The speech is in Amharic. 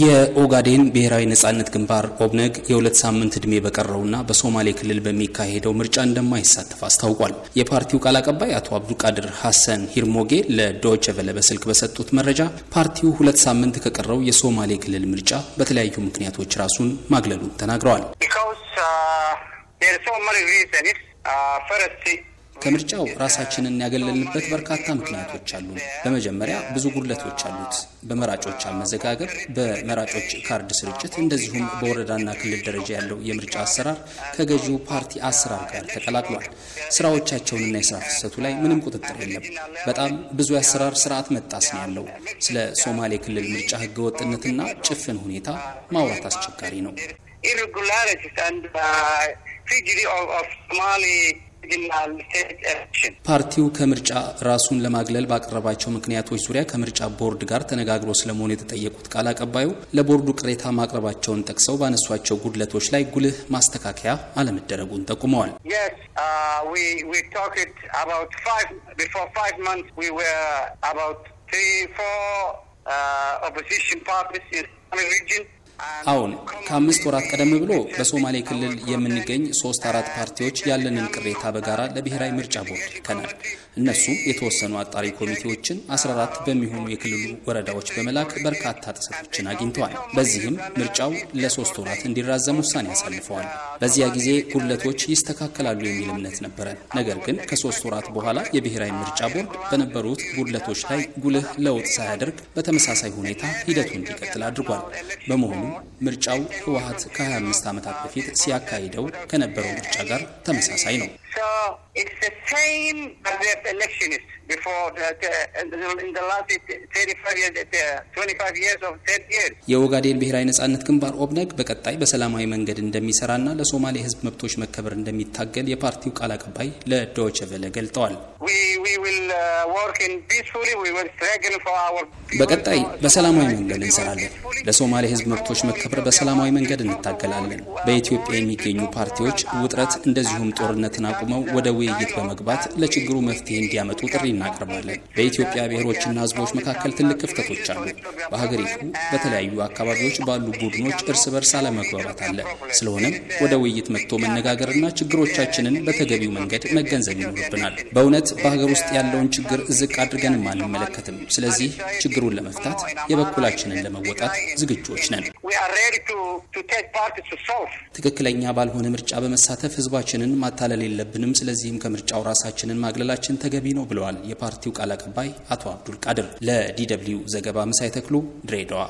የኦጋዴን ብሔራዊ ነጻነት ግንባር ኦብነግ የሁለት ሳምንት ዕድሜ በቀረውና በሶማሌ ክልል በሚካሄደው ምርጫ እንደማይሳተፍ አስታውቋል። የፓርቲው ቃል አቀባይ አቶ አብዱልቃድር ሐሰን ሂርሞጌ ለዶች ቨለ በስልክ በሰጡት መረጃ ፓርቲው ሁለት ሳምንት ከቀረው የሶማሌ ክልል ምርጫ በተለያዩ ምክንያቶች ራሱን ማግለሉን ተናግረዋል። ከምርጫው ራሳችንን ያገለልንበት በርካታ ምክንያቶች አሉ። በመጀመሪያ ብዙ ጉድለቶች አሉት። በመራጮች አመዘጋገብ፣ በመራጮች ካርድ ስርጭት፣ እንደዚሁም በወረዳና ክልል ደረጃ ያለው የምርጫ አሰራር ከገዢው ፓርቲ አሰራር ጋር ተቀላቅሏል። ስራዎቻቸውንና የስራ ፍሰቱ ላይ ምንም ቁጥጥር የለም። በጣም ብዙ የአሰራር ስርዓት መጣስ ነው ያለው። ስለ ሶማሌ ክልል ምርጫ ህገወጥነትና ጭፍን ሁኔታ ማውራት አስቸጋሪ ነው። ፓርቲው ከምርጫ ራሱን ለማግለል ባቀረባቸው ምክንያቶች ዙሪያ ከምርጫ ቦርድ ጋር ተነጋግሮ ስለመሆኑ የተጠየቁት ቃል አቀባዩ ለቦርዱ ቅሬታ ማቅረባቸውን ጠቅሰው ባነሷቸው ጉድለቶች ላይ ጉልህ ማስተካከያ አለመደረጉን ጠቁመዋል። ኦፖዚሽን ፓርቲስ uh, አሁን ከአምስት ወራት ቀደም ብሎ በሶማሌ ክልል የምንገኝ ሶስት አራት ፓርቲዎች ያለንን ቅሬታ በጋራ ለብሔራዊ ምርጫ ቦርድ ልከናል። እነሱም የተወሰኑ አጣሪ ኮሚቴዎችን 14 በሚሆኑ የክልሉ ወረዳዎች በመላክ በርካታ ጥሰቶችን አግኝተዋል። በዚህም ምርጫው ለሶስት ወራት እንዲራዘም ውሳኔ አሳልፈዋል። በዚያ ጊዜ ጉድለቶች ይስተካከላሉ የሚል እምነት ነበረን። ነገር ግን ከሶስት ወራት በኋላ የብሔራዊ ምርጫ ቦርድ በነበሩት ጉድለቶች ላይ ጉልህ ለውጥ ሳያደርግ በተመሳሳይ ሁኔታ ሂደቱ እንዲቀጥል አድርጓል። በመሆኑ ምርጫው ህወሀት ከ25 ዓመታት በፊት ሲያካሂደው ከነበረው ምርጫ ጋር ተመሳሳይ ነው። Ukraine, the electionists before the, the, in the last 35 years, the 25 years of 30 years. የኦጋዴን ብሔራዊ ነጻነት ግንባር ኦብነግ በቀጣይ በሰላማዊ መንገድ እንደሚሰራና ለሶማሌ ሕዝብ መብቶች መከበር እንደሚታገል የፓርቲው ቃል አቀባይ ለዶይቼ ቬለ ገልጠዋል። uh, በቀጣይ በሰላማዊ መንገድ እንሰራለን። ለሶማሌ ሕዝብ መብቶች መከበር በሰላማዊ መንገድ እንታገላለን። በኢትዮጵያ የሚገኙ ፓርቲዎች ውጥረት እንደዚሁም ጦርነትን አቁመው ወደ ውይይት በመግባት አካላት ለችግሩ መፍትሄ እንዲያመጡ ጥሪ እናቀርባለን። በኢትዮጵያ ብሔሮችና ህዝቦች መካከል ትልቅ ክፍተቶች አሉ። በሀገሪቱ በተለያዩ አካባቢዎች ባሉ ቡድኖች እርስ በርስ አለመግባባት አለ። ስለሆነም ወደ ውይይት መጥቶ መነጋገርና ችግሮቻችንን በተገቢው መንገድ መገንዘብ ይኖርብናል። በእውነት በሀገር ውስጥ ያለውን ችግር ዝቅ አድርገንም አንመለከትም። ስለዚህ ችግሩን ለመፍታት የበኩላችንን ለመወጣት ዝግጆች ነን። ትክክለኛ ባልሆነ ምርጫ በመሳተፍ ህዝባችንን ማታለል የለብንም። ስለዚህም ከምርጫው ራሳ ራሳችንን ማግለላችን ተገቢ ነው ብለዋል የፓርቲው ቃል አቀባይ አቶ አብዱል ቃድር። ለዲ ደብልዩ ዘገባ ምሳይ ተክሉ ድሬዳዋ